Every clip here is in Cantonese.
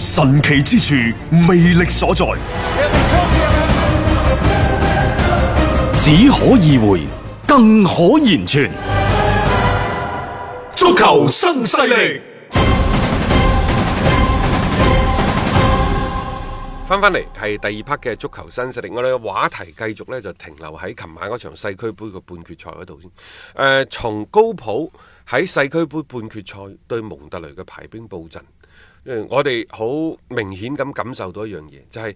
神奇之處，魅力所在，只可意會，更可言傳。足球新勢力，翻翻嚟係第二 part 嘅足球新勢力，我哋嘅話題繼續呢，就停留喺琴晚嗰場世俱杯嘅半決賽嗰度先。誒、呃，從高普喺世俱杯半決賽對蒙特雷嘅排兵布陣。我哋好明顯咁感受到一樣嘢，就係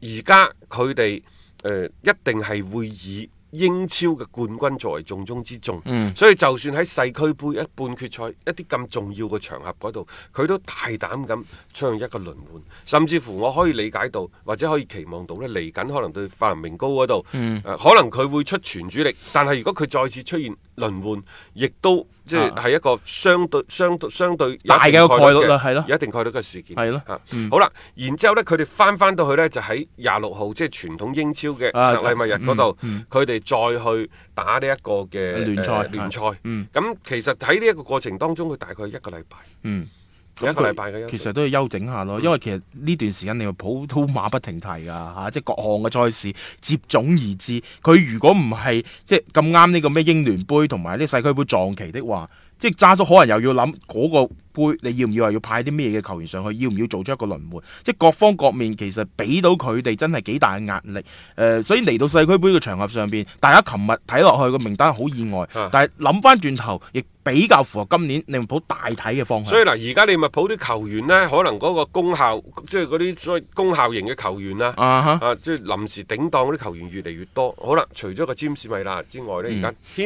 而家佢哋誒一定係會以英超嘅冠軍作為重中之重，嗯、所以就算喺世俱杯一半決賽一啲咁重要嘅場合度，佢都大膽咁出現一個輪換，甚至乎我可以理解到，或者可以期望到咧，嚟緊可能對法蘭明高嗰度、嗯呃，可能佢會出全主力，但係如果佢再次出現。輪換亦都即係一個相對相對相對大嘅一個概率有一定概率嘅事件係咯的、嗯啊。好啦，然之後呢，佢哋翻翻到去呢，就喺廿六號即係傳統英超嘅禮拜日嗰度，佢哋、嗯嗯嗯、再去打呢一個嘅聯賽聯賽。咁其實喺呢一個過程當中，佢大概一個禮拜。嗯。一個禮拜嘅，其實都要休整下咯，因為其實呢段時間你係普通馬不停蹄噶嚇，即係各項嘅賽事接踵而至。佢如果唔係即係咁啱呢個咩英聯杯同埋啲世俱杯撞期的話，即係渣叔可能又要諗嗰，那個。杯你要唔要話要派啲咩嘅球員上去？要唔要做出一個輪換？即係各方各面其實俾到佢哋真係幾大嘅壓力。誒、呃，所以嚟到世俱杯嘅場合上邊，大家琴日睇落去個名單好意外，啊、但係諗翻轉頭亦比較符合今年利物浦大體嘅方向。所以嗱，而家利物浦啲球員呢，可能嗰個功效，即係嗰啲所謂功效型嘅球員啦、啊，啊即哈係、啊就是、臨時頂檔嗰啲球員越嚟越多。好啦，除咗個詹士米娜之外呢，而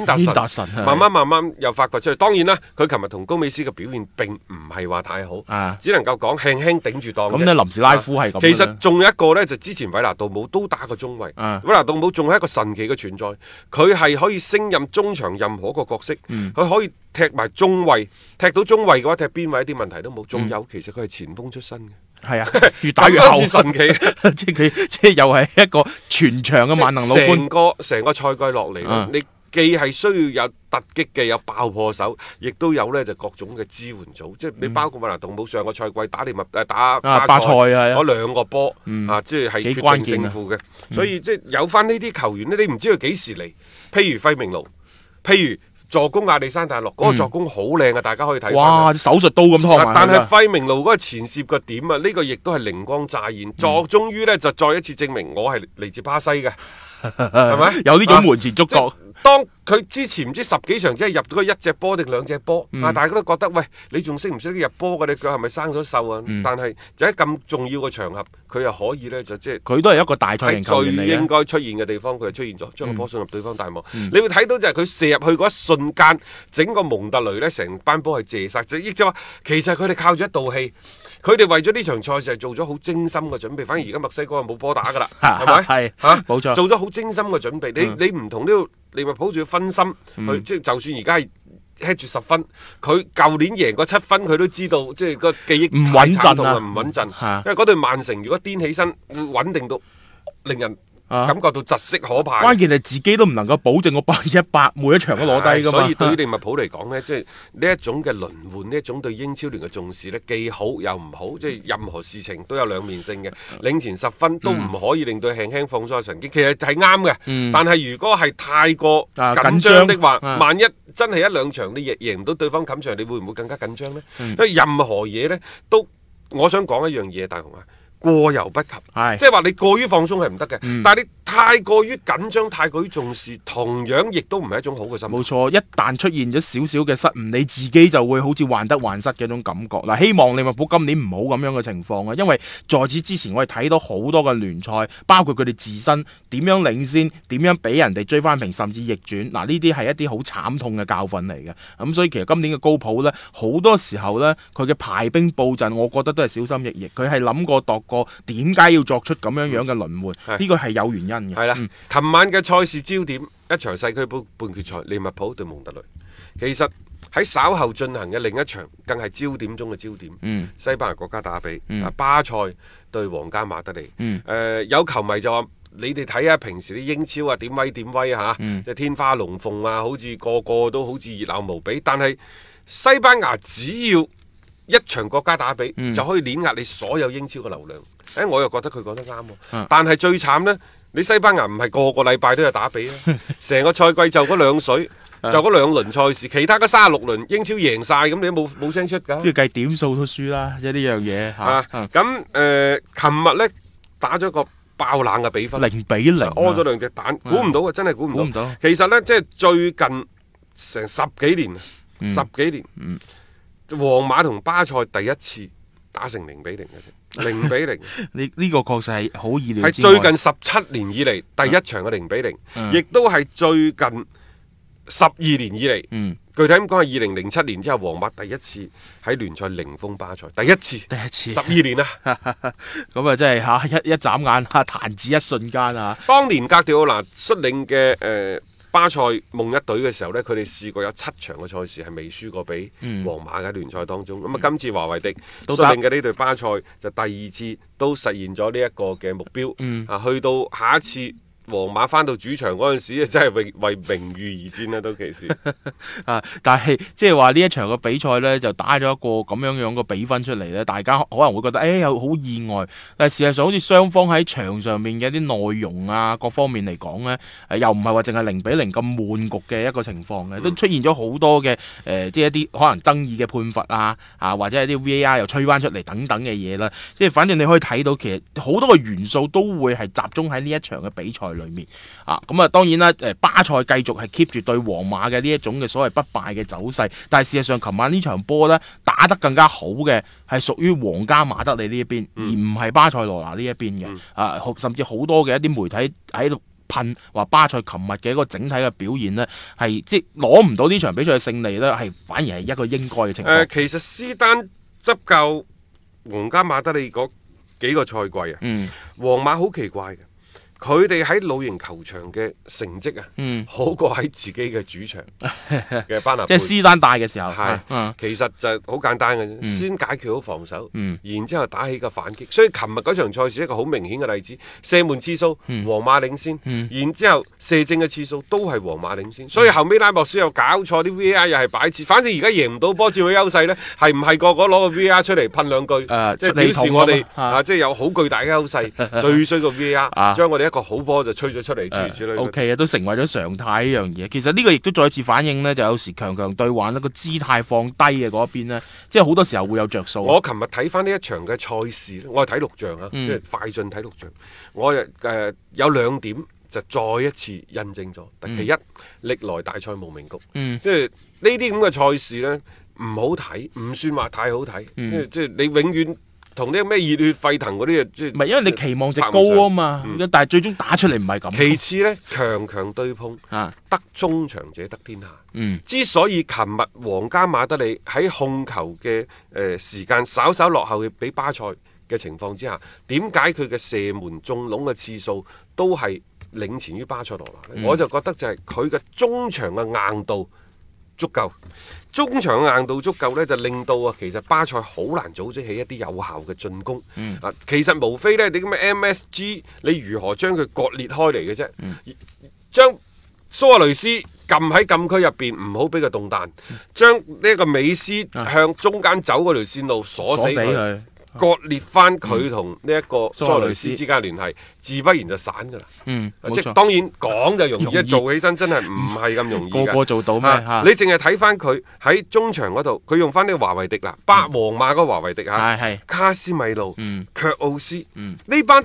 家軒達臣慢慢慢慢又發掘出嚟。當然啦，佢琴日同高美斯嘅表現並唔係話太好，啊、只能夠講輕輕頂住檔。咁咧、嗯，林斯拉夫係咁。其實仲有一個呢，就是、之前韋納杜姆都打過中衛。韋納杜姆仲係一個神奇嘅存在，佢係可以升任中場任何一個角色，佢、嗯、可以踢埋中衛，踢到中衛嘅話，踢邊位一啲問題都冇。仲有，有嗯、其實佢係前鋒出身嘅，係啊，越打越後， 神奇。即係佢，即、就、係、是、又係一個全場嘅萬能老倌。成個成個賽季落嚟，啊、你。既係需要有突擊嘅有爆破手，亦都有咧就是、各種嘅支援組。嗯、即係你包括咪嗱，杜甫上個賽季打你咪誒打巴塞嗰、啊、兩個波、嗯、啊，即係決定勝負嘅。嗯、所以即係有翻呢啲球員咧，你唔知佢幾時嚟。譬如輝明路，譬如助攻亞歷山大洛，嗰、嗯、個助攻好靚嘅，大家可以睇。哇！手術刀咁劏，但係輝明路嗰個前攝嘅點啊，嗯、個呢個亦都係靈光乍現，坐終於呢就再一次證明我係嚟自巴西嘅，係咪 吧？ 有呢種門前觸覺、啊。當佢之前唔知十幾場只係入到一隻波定兩隻波，啊、嗯、大家都覺得喂你仲識唔識入波㗎？你腳係咪生咗銹啊？嗯、但係就喺咁重要嘅場合，佢又可以呢。就即係佢都係一個大賽型球員，最應該出現嘅地方佢就出現咗，將個波送入對方大網。嗯嗯、你會睇到就係佢射入去嗰一瞬間，整個蒙特雷呢成班波係借殺，即係亦即係話其實佢哋靠住一道氣。佢哋為咗呢場賽就係做咗好精心嘅準備，反而而家墨西哥冇波打㗎喇，係咪？係吓，冇錯，做咗好精心嘅準備。你 你唔同呢個利物浦仲要分心，佢、嗯、即係就算而家係吃住十分，佢舊年贏過七分，佢都知道即係個記憶唔穩陣啊！唔穩陣，是啊、因為嗰隊曼城如果癲起身，會穩定到令人感覺到窒息可怕，關鍵係自己都唔能夠保證我百分之一百，每一場都攞低噶嘛。所以對於利物浦嚟講咧，即係呢一種嘅輪換，呢一種對英超聯嘅重視呢既好又唔好。即係、嗯、任何事情都有兩面性嘅。嗯、領前十分都唔可以令到輕輕放鬆神經，其實係啱嘅。嗯、但係如果係太過緊張的話，啊嗯、萬一真係一兩場你贏唔到對方冚場，你會唔會更加緊張呢？嗯嗯、因為任何嘢呢，都，我想講一樣嘢，大雄啊。過猶不及，係即係話你過於放鬆係唔得嘅，嗯、但係你太過於緊張、太過於重視，同樣亦都唔係一種好嘅心態。冇錯，一旦出現咗少少嘅失誤，你自己就會好似患得患失嘅一種感覺。嗱，希望利物浦今年唔好咁樣嘅情況啊，因為在此之前我係睇到好多嘅聯賽，包括佢哋自身點樣領先、點樣俾人哋追翻平，甚至逆轉。嗱，呢啲係一啲好慘痛嘅教訓嚟嘅。咁所以其實今年嘅高普呢，好多時候呢，佢嘅排兵布陣，我覺得都係小心翼翼，佢係諗過度。點解要作出咁樣樣嘅輪換？呢是個係有原因嘅。係啦的，琴、嗯、晚嘅賽事焦點，一場世俱杯半半決賽，利物浦對蒙特雷。其實喺稍後進行嘅另一場，更係焦點中嘅焦點。嗯，西班牙國家打比，啊、嗯，巴塞對皇家馬德里。誒、嗯呃，有球迷就話：你哋睇下平時啲英超啊，點威點威吓？嗯，就天花龍鳳啊，好似個個都好似熱鬧無比。但係西班牙只要，一場國家打比、嗯、就可以碾壓你所有英超嘅流量，誒、哎、我又覺得佢講得啱喎、啊。啊、但係最慘呢，你西班牙唔係個個禮拜都有打比咧、啊，成 個賽季就嗰兩水，就嗰兩輪賽事，其他嘅三十六輪英超贏晒。咁你都冇冇聲出㗎、啊。即係計點數都輸啦，即係呢樣嘢嚇。咁誒，琴日呢打咗個爆冷嘅比分，零比零，屙咗兩隻蛋，估唔到啊，真係估唔到。其實呢，即係最近成十幾年，十幾年。嗯嗯皇馬同巴塞第一次打成零比零嘅啫，零比零，呢呢個確實係好意料。係最近十七年以嚟第一場嘅零比零、嗯，亦都係最近十二年以嚟。嗯，具體咁講係二零零七年之後，皇馬第一次喺聯賽零封巴塞，第一次，第一次，十二年啊！咁啊，真係吓，一一眨眼吓，彈指一瞬間啊！當年格迪奧拿率領嘅誒。巴塞夢一隊嘅時候，呢佢哋試過有七場嘅賽事係未輸過畀皇馬嘅聯賽當中。咁啊、嗯，今次華維迪帶領嘅呢隊巴塞就第二次都實現咗呢一個嘅目標。啊、嗯，去到下一次。皇馬翻到主場嗰陣時，真係為為名譽而戰啦，都其實 、啊、但係即係話呢一場嘅比賽呢，就打咗一個咁樣樣嘅比分出嚟咧，大家可能會覺得誒有好意外，但係事實上好似雙方喺場上面嘅啲內容啊，各方面嚟講呢，又唔係話淨係零比零咁悶局嘅一個情況嘅，嗯、都出現咗好多嘅誒，即、呃、係、就是、一啲可能爭議嘅判罰啊，啊或者係啲 VAR 又吹翻出嚟等等嘅嘢啦，即、就、係、是、反正你可以睇到，其實好多嘅元素都會係集中喺呢一場嘅比賽。裏面啊，咁、嗯、啊，當然啦，誒，巴塞繼續係 keep 住對皇馬嘅呢一種嘅所謂不敗嘅走勢，但係事實上，琴晚呢場波呢，打得更加好嘅係屬於皇家馬德里呢一邊，嗯、而唔係巴塞羅那呢一邊嘅啊，甚至好多嘅一啲媒體喺度噴話巴塞琴日嘅一個整體嘅表現呢，係即係攞唔到呢場比賽嘅勝利呢，係反而係一個應該嘅情況，呃。其實斯丹執教皇家馬德里嗰幾個賽季啊，皇、嗯、馬好奇怪嘅。佢哋喺老型球場嘅成績啊，好過喺自己嘅主場嘅班拿，即係斯丹帶嘅時候，係、嗯嗯，其實就好簡單嘅、嗯、先解決好防守，嗯、然之後打起個反擊。所以琴日嗰場賽事一個好明顯嘅例子，射門次數，皇馬領先，嗯嗯、然之後射正嘅次數都係皇馬領先，所以後尾拉莫斯又搞錯啲 VR 又係擺設，反正而家贏唔到波佔到優勢呢，係唔係個個攞個 VR 出嚟噴兩句，呃、即係表示我哋、呃、即係有好巨大嘅優勢，最衰、啊啊、個 VR 將我哋個好波就吹咗出嚟，O K 啊，呃、okay, 都成為咗常態呢樣嘢。其實呢個亦都再次反映呢，就有時強強對玩，呢個姿態放低嘅嗰一邊咧，即係好多時候會有着數。我琴日睇翻呢一場嘅賽事，我係睇錄像啊，即係、嗯、快進睇錄像。我誒、呃、有兩點就再一次印證咗。其一，嗯、歷來大賽無名局，即係呢啲咁嘅賽事呢，唔好睇，唔算話太好睇，即係即係你永遠。同啲咩熱血沸騰嗰啲嘢，即係唔係因為你期望值高啊嘛，嗯、但係最終打出嚟唔係咁。其次呢，強強對碰，啊、得中場者得天下。嗯，之所以琴日皇家馬德里喺控球嘅誒時間稍稍落後嘅比巴塞嘅情況之下，點解佢嘅射門中籠嘅次數都係領前於巴塞羅那？嗯、我就覺得就係佢嘅中場嘅硬度。足夠，中場硬度足夠呢就令到啊，其實巴塞好難組織起一啲有效嘅進攻。啊、嗯，其實無非呢，你咁嘅 MSG，你如何將佢割裂開嚟嘅啫？嗯、將蘇亞雷斯撳喺禁區入邊，唔好俾佢動彈。嗯、將呢個美斯向中間走嗰條線路鎖死佢。割裂翻佢同呢一個蘇雷斯之間聯繫，自不然就散㗎喇。嗯，即係當然講就容易，一做起身真係唔係咁容易。個個做到咩？你淨係睇翻佢喺中場嗰度，佢用翻呢個華為迪啦，巴皇馬個華為迪吓，卡斯米路，卻奧斯，呢班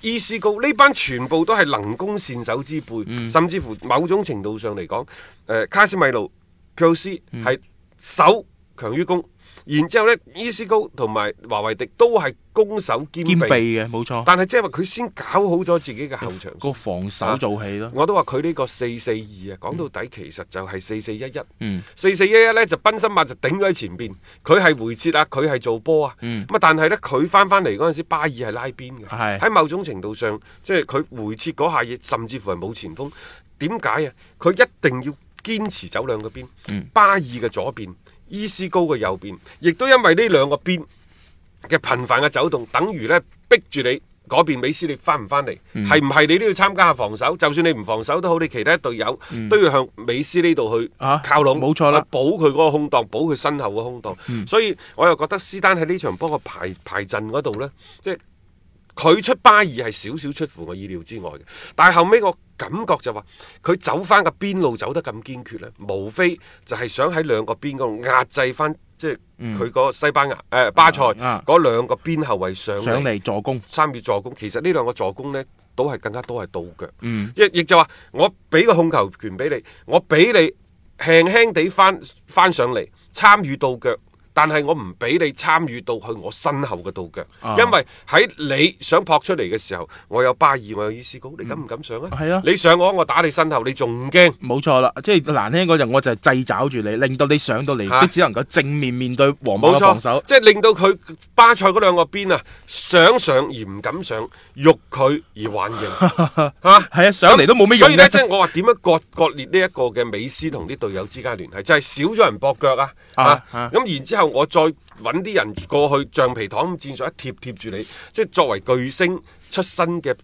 伊斯高，呢班全部都係能攻善守之輩，甚至乎某種程度上嚟講，誒卡斯米路、卻奧斯係守強於攻。然之後呢，伊斯高同埋華維迪都係攻守兼備嘅，冇錯。錯，但係即係話佢先搞好咗自己嘅後場個防守做起咯、啊。我都話佢呢個四四二啊，講、嗯、到底其實就係四四一一。嗯、四四一一呢，就賓森馬就頂咗喺前邊，佢係回撤啊，佢係做波啊。咁啊、嗯，但係呢，佢翻翻嚟嗰陣時，巴爾係拉邊嘅。喺、嗯、某種程度上，即係佢回撤嗰下，甚至乎係冇前鋒。點解啊？佢一定要堅持走兩個邊。嗯、巴爾嘅左邊。伊斯高嘅右邊，亦都因為呢兩個邊嘅頻繁嘅走動，等於呢逼住你嗰邊美斯，你翻唔翻嚟，係唔係你都要參加下防守？就算你唔防守都好，你其他隊友都要向美斯呢度去靠攏。冇錯、啊、啦，補佢嗰個空檔，補佢身後嘅空檔。嗯、所以我又覺得斯丹喺呢場幫佢排排陣嗰度呢。即係。佢出巴爾係少少出乎我意料之外嘅，但係後尾我感覺就話、是、佢走翻個邊路走得咁堅決咧，無非就係想喺兩個邊嗰度壓制翻，即係佢個西班牙誒、嗯呃、巴塞嗰兩、啊啊、個邊後衞上上嚟助攻，參與助攻。其實呢兩個助攻呢都係更加多係倒腳，即亦、嗯、就話我俾個控球權俾你，我俾你輕輕地翻翻上嚟參與倒腳。但係我唔俾你參與到去我身後嘅倒腳，啊、因為喺你想撲出嚟嘅時候，我有巴爾，我有伊斯高，你敢唔敢上啊？係、嗯、啊！你上我，我打你身後，你仲唔驚？冇錯啦，即係難聽嗰陣，我就係掣找住你，令到你上到嚟都、啊、只能夠正面面對皇馬嘅防守。即係令到佢巴塞嗰兩個邊啊，想上而唔敢上，欲佢而玩嘅。嚇。係啊，上嚟都冇咩用、啊。所以咧，即係我話點樣割割裂呢一個嘅美斯同啲隊友之間聯繫，就係、是、少咗人搏腳啊！咁、啊，然之後。我再搵啲人過去橡皮糖咁戰術，一貼貼住你，即係作為巨星出身嘅。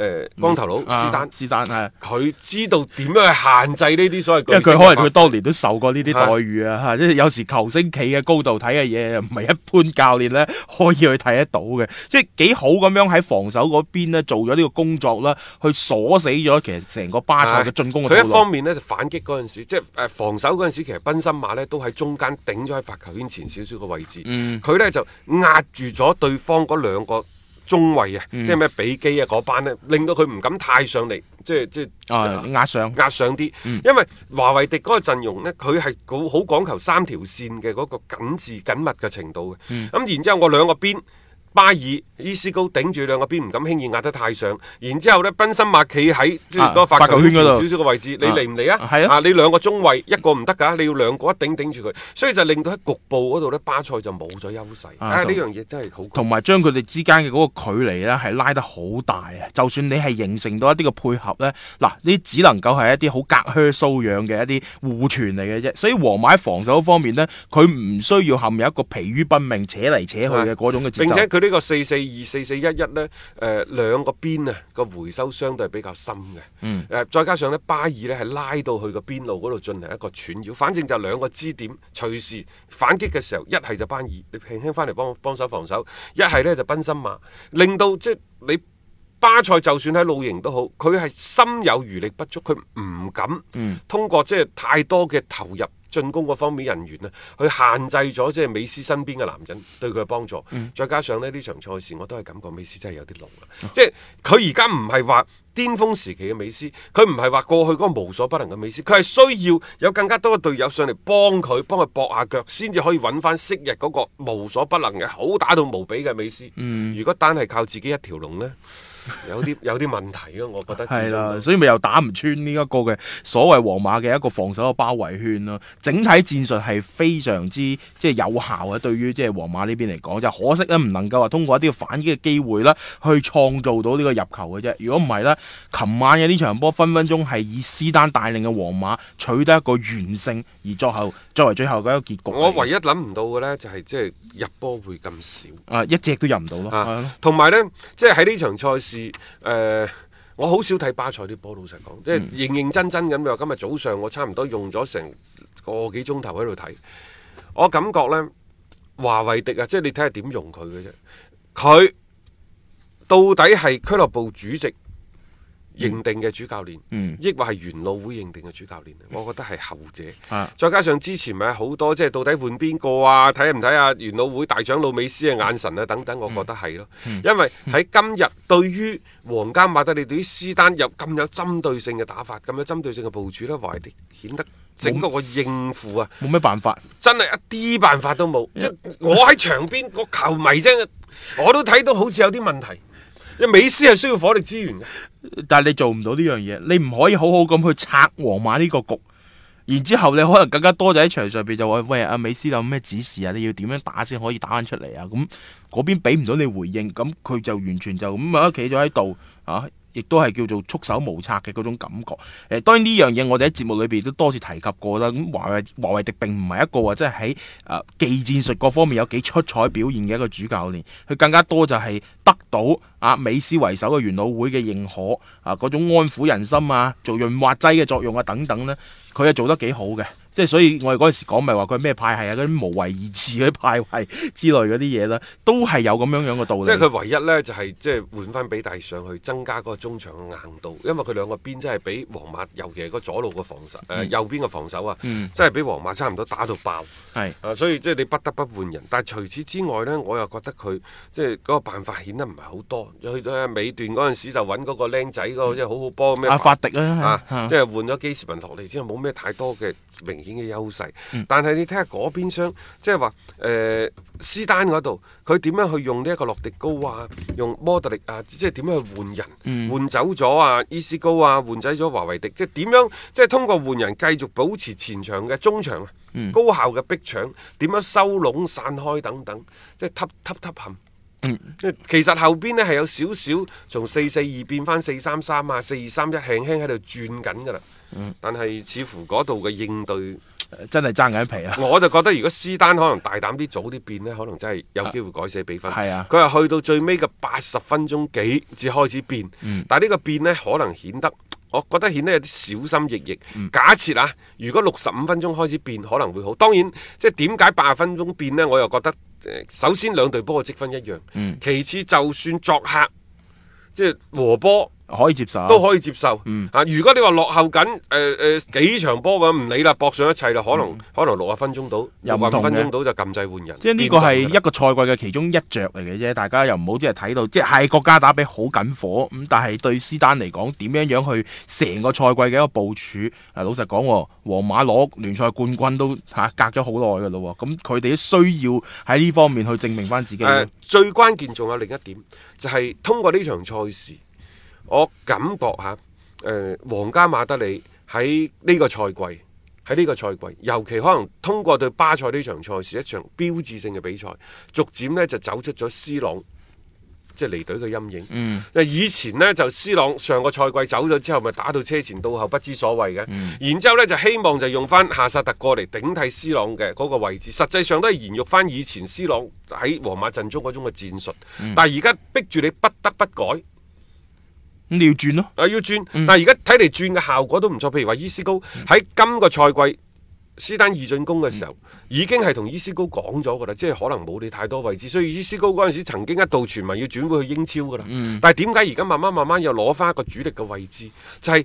誒、呃，光頭佬史丹史丹啊，佢知道點樣去限制呢啲所謂，因為佢可能佢當年都受過呢啲待遇是啊，吓，即係有時球星企嘅高度睇嘅嘢，唔係一般教練咧可以去睇得到嘅，即係幾好咁樣喺防守嗰邊咧做咗呢個工作啦，去鎖死咗其實成個巴塞嘅進攻。佢一方面咧就反擊嗰陣時，即係誒防守嗰陣時，其實賓森馬咧都喺中間頂咗喺罰球圈前少少嘅位置，佢咧、嗯、就壓住咗對方嗰兩個。中衛啊，即係咩比基啊嗰班咧，令到佢唔敢太上嚟，即係即係壓上壓上啲，嗯、因為華為迪嗰個陣容咧，佢係好好講求三條線嘅嗰、嗰個緊緻緊密嘅程度嘅，咁、嗯、然之後我兩個邊巴爾。伊斯高頂住兩個邊唔敢輕易壓得太上，然之後呢，賓辛馬企喺即係嗰個發球圈嗰度少少嘅位置，你嚟唔嚟啊？啊！你兩個中衞，一個唔得㗎，你要兩個一頂頂住佢，所以就令到喺局部嗰度呢，巴塞就冇咗優勢。啊，呢、啊啊、樣嘢真係好。同埋將佢哋之間嘅嗰個距離呢，係拉得好大啊！就算你係形成到一啲嘅配合呢，嗱、啊，呢只能夠係一啲好隔靴搔癢嘅一啲互傳嚟嘅啫。所以皇馬喺防守方面呢，佢唔需要陷入一個疲於奔命扯嚟扯去嘅嗰種嘅節奏。啊、並且佢呢個四四。二四四一一呢，誒、呃、兩個邊啊個回收相對比較深嘅，誒、嗯呃、再加上呢，巴爾呢係拉到去個邊路嗰度進行一個串繞，反正就兩個支點隨時反擊嘅時候，一係就班爾，你輕輕翻嚟幫幫手防守；一係呢，就賓森馬，令到即係你巴塞就算喺露營都好，佢係心有餘力不足，佢唔敢通過、嗯、即係太多嘅投入。進攻嗰方面人員呢、啊，去限制咗即係美斯身邊嘅男人對佢嘅幫助。嗯、再加上呢呢場賽事，我都係感覺美斯真係有啲攏、啊、即係佢而家唔係話巔峰時期嘅美斯，佢唔係話過去嗰個無所不能嘅美斯，佢係需要有更加多嘅隊友上嚟幫佢，幫佢駁下腳，先至可以揾翻昔日嗰個無所不能嘅好打到無比嘅美斯。嗯、如果單係靠自己一條龍呢？ 有啲有啲問題咯，我覺得係啦，所以咪又打唔穿呢一個嘅所謂皇馬嘅一個防守嘅包圍圈咯。整體戰術係非常之即係有效嘅，對於即係皇馬呢邊嚟講就可惜咧，唔能夠話通過一啲反擊嘅機會啦，去創造到呢個入球嘅啫。如果唔係咧，琴晚嘅呢場波分分鐘係以施丹帶領嘅皇馬取得一個完勝，而作後作為最後嘅一個結局。我唯一諗唔到嘅咧就係即係入波會咁少啊，一隻都入唔到咯。係咯，同埋咧即係喺呢場賽事。誒、呃，我好少睇巴塞啲波，老實講，即係認認真真咁。今日早上我差唔多用咗成個幾鐘頭喺度睇，我感覺咧，華為迪啊，即係你睇下點用佢嘅啫，佢到底係俱樂部主席。認定嘅主教練，抑或係元老會認定嘅主教練？嗯、我覺得係後者。啊、再加上之前咪好多，即係到底換邊個啊？睇唔睇啊？元老會大長老美斯嘅眼神啊，等等，我覺得係咯。嗯嗯、因為喺今日對於皇家馬德里對於斯丹有咁有針對性嘅打法，咁、嗯嗯、有針對性嘅部署呢，華爾迪顯得整個個應付啊，冇咩辦法，真係一啲辦法都冇。即、嗯、 我喺場邊個球迷啫，我都睇到好似有啲問題。因為美斯係需要火力資源、嗯、但係你做唔到呢樣嘢，你唔可以好好咁去拆皇馬呢個局，然之後你可能更加多就喺場上邊就話：喂，阿美斯有咩指示啊？你要點樣打先可以打翻出嚟啊？咁嗰邊俾唔到你回應，咁佢就完全就咁啊，企咗喺度，啊！亦都係叫做束手無策嘅嗰種感覺。誒，當然呢樣嘢我哋喺節目裏邊都多次提及過啦。咁華為華為迪並唔係一個話，即係喺誒技戰術各方面有幾出彩表現嘅一個主教練。佢更加多就係得到啊美斯為首嘅元老會嘅認可啊，嗰種安撫人心啊，做潤滑劑嘅作用啊等等呢，佢係做得幾好嘅。即係所以，我哋嗰陣時講咪話佢咩派系啊，嗰啲無為而治嗰啲派系之類嗰啲嘢啦，都係有咁樣樣嘅道理。即係佢唯一咧，就係即係換翻比大上去，增加嗰個中場嘅硬度，因為佢兩個邊真係俾皇馬，尤其係個左路嘅防守，誒右邊嘅防守啊，真係俾皇馬差唔多打到爆。所以即係你不得不換人。但係除此之外呢，我又覺得佢即係嗰個辦法顯得唔係好多。去到尾段嗰陣時，就揾嗰個僆仔嗰個即係好好波咩阿法迪啊？即係換咗基士文落嚟之後，冇咩太多嘅嘅優勢，但係你睇下嗰邊廂，即係話誒斯丹嗰度，佢點樣去用呢一個洛迪高啊，用摩特力啊，即係點樣去換人，嗯、換走咗啊伊斯高啊，換走咗華為迪，即係點樣即係通過換人繼續保持前場嘅中場、嗯、高效嘅逼搶，點樣收攏散開等等，即係吸吸吸嗯，其實後邊呢係有少少從四四二變翻四三三啊，四二三一輕輕喺度轉緊噶啦。嗯、但係似乎嗰度嘅應對、嗯、真係爭緊皮啊！我就覺得如果斯丹可能大膽啲早啲變呢，可能真係有機會改寫比分。佢係、啊啊、去到最尾嘅八十分鐘幾至開始變。嗯、但係呢個變呢，可能顯得。我覺得顯得有啲小心翼翼。假設啊，如果六十五分鐘開始變可能會好。當然，即係點解八分鐘變呢？我又覺得，首先兩隊波嘅積分一樣，其次就算作客，即係和波。可以接受，都可以接受。嗯、啊，如果你話落後緊，誒、呃、誒幾場波咁，唔理啦，搏上一切啦，可能、嗯、可能六十分鐘到，又六十分鐘到就禁制換人。即係呢個係一個賽季嘅其中一着嚟嘅啫，大家又唔好即係睇到，即係國家打比好緊火咁，但係對斯丹嚟講，點樣樣去成個賽季嘅一個部署？啊，老實講，皇馬攞聯賽冠軍都吓隔咗好耐噶咯，咁佢哋都需要喺呢方面去證明翻自己、呃。最關鍵仲有另一點，就係、是、通過呢場賽事。我感覺嚇，誒、呃、皇家馬德里喺呢個賽季，喺呢個賽季，尤其可能通過對巴塞呢場賽事，一場標誌性嘅比賽，逐漸呢就走出咗 C 朗即係、就是、離隊嘅陰影。嗯、以前呢，就 C 朗上個賽季走咗之後，咪打到車前到後不知所謂嘅。嗯、然之後呢，就希望就用翻夏薩特過嚟頂替 C 朗嘅嗰個位置，實際上都係延續翻以前 C 朗喺皇馬陣中嗰種嘅戰術。嗯、但係而家逼住你不得不改。咁要轉咯，啊要轉，嗯、但係而家睇嚟轉嘅效果都唔錯。譬如話伊斯高喺今個賽季、嗯、斯丹二進攻嘅時候，嗯、已經係同伊斯高講咗噶啦，即係可能冇你太多位置，所以伊斯高嗰陣時曾經一度傳聞要轉過去英超噶啦。嗯、但係點解而家慢慢慢慢又攞翻一個主力嘅位置？就係、是、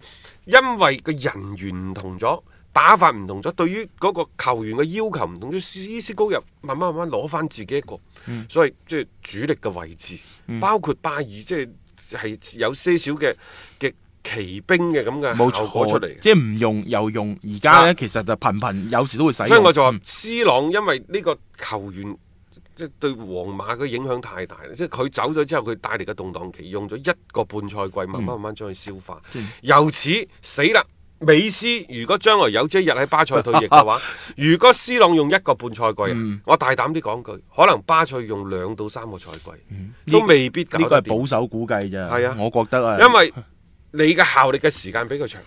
因為個人員唔同咗，打法唔同咗，對於嗰個球員嘅要求唔同咗。伊斯高又慢慢慢慢攞翻自己一個，嗯、所以即係、就是、主力嘅位置，嗯、包括巴爾即係。就是就係有些少嘅嘅奇兵嘅咁嘅效果出嚟，冇錯，即係唔用又用，而家咧其實就頻頻有時都會使用。所以我就話，C、嗯、朗因為呢個球員即係、就是、對皇馬嘅影響太大，即係佢走咗之後，佢帶嚟嘅動盪期用咗一個半賽季，慢慢慢慢將佢消化，嗯、由此死啦。美斯如果將來有朝一日喺巴塞退役嘅話， 如果 C 朗用一個半賽季，嗯、我大膽啲講句，可能巴塞用兩到三個賽季、嗯、都未必搞掂、呢個。呢、呢個係保守估計咋？係啊，我覺得啊，因為你嘅效力嘅時間比較長，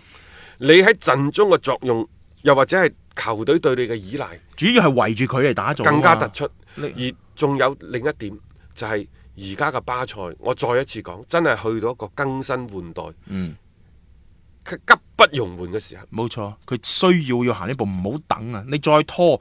你喺陣中嘅作用，又或者係球隊對你嘅依賴，主要係圍住佢嚟打造，更加突出。啊、而仲有另一點就係而家嘅巴塞，我再一次講，真係去到一個更新換代。嗯急不容緩嘅時候，冇錯，佢需要要行呢步，唔好等啊！你再拖，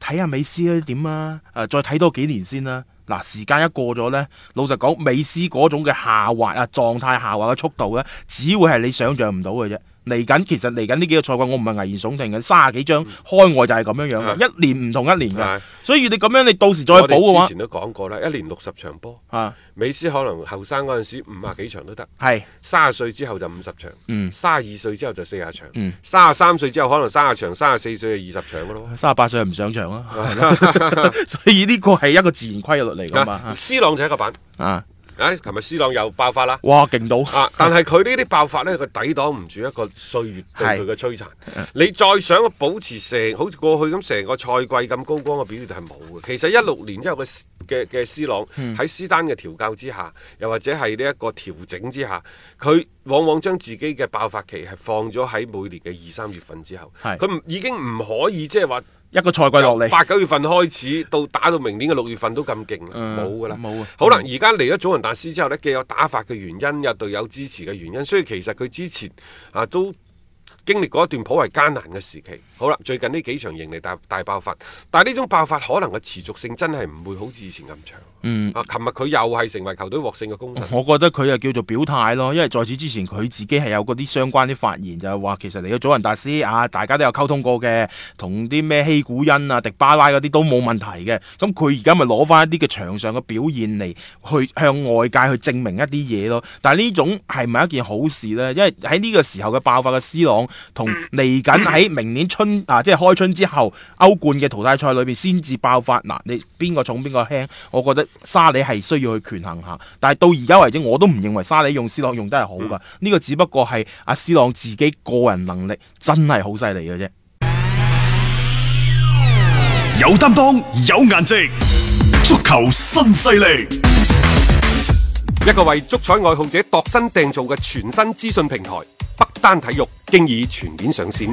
睇下美斯咧點啊？誒、呃，再睇多幾年先啦、啊。嗱，時間一過咗呢，老實講，美斯嗰種嘅下滑啊，狀態下滑嘅速度呢，只會係你想象唔到嘅啫。嚟緊其實嚟緊呢幾個賽季，我唔係危言聳聽嘅，三十幾張開外就係咁樣樣，一年唔同一年噶，所以你咁樣你到時再補嘅話，我哋之前都講過啦，一年六十場波，啊，美斯可能後生嗰陣時五廿幾場都得，係，三十歲之後就五十場，嗯，三十二歲之後就四十場，三十三歲之後可能三十場，三十四歲就二十場噶咯，三十八歲唔上場啊，所以呢個係一個自然規律嚟噶嘛，C 朗就一個板啊。啊！琴日、哎、C 朗又爆發啦，哇，勁到啊！但係佢呢啲爆發呢，佢抵擋唔住一個歲月對佢嘅摧殘。是你再想保持成好似過去咁成個賽季咁高光嘅表現係冇嘅。其實一六年之後嘅嘅嘅 C 朗喺、嗯、斯丹嘅調教之下，又或者係呢一個調整之下，佢往往將自己嘅爆發期係放咗喺每年嘅二三月份之後，佢是已經唔可以即係話。就是一個賽季落嚟，八九月份開始到打到明年嘅六月份都咁勁，冇噶啦，嗯、好啦，而家嚟咗祖雲達斯之後呢，既有打法嘅原因，又有隊友支持嘅原因，所以其實佢之前啊都經歷過一段頗為艱難嘅時期。好啦，最近呢幾場贏嚟大大爆發，但係呢種爆發可能嘅持續性真係唔會好似以前咁長。嗯，啊，琴日佢又係成為球隊獲勝嘅功臣。我覺得佢又叫做表態咯，因為在此之前佢自己係有嗰啲相關啲發言，就係話其實嚟咗祖雲達斯啊，大家都有溝通過嘅，同啲咩希古恩啊、迪巴拉嗰啲都冇問題嘅。咁佢而家咪攞翻一啲嘅場上嘅表現嚟去向外界去證明一啲嘢咯。但係呢種係咪一件好事呢？因為喺呢個時候嘅爆發嘅 C 朗同嚟緊喺明年春年。 啊！即係開春之後，歐冠嘅淘汰賽裏邊先至爆發。嗱，你邊個重邊個輕？我覺得沙里係需要去權衡下。但係到而家為止，我都唔認為沙里用斯朗用得係好噶。呢個只不過係阿斯朗自己個人能力真係好犀利嘅啫。有擔當，有顏值，足球新勢力，一個為足彩愛好者度身訂造嘅全新資訊平台——北單體育，經已全面上線。